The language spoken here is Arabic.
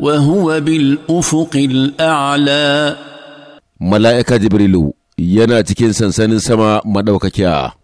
وهو بالأفق الأعلى ملائكة جبريل ينا تكين سنسان سما مدوككيا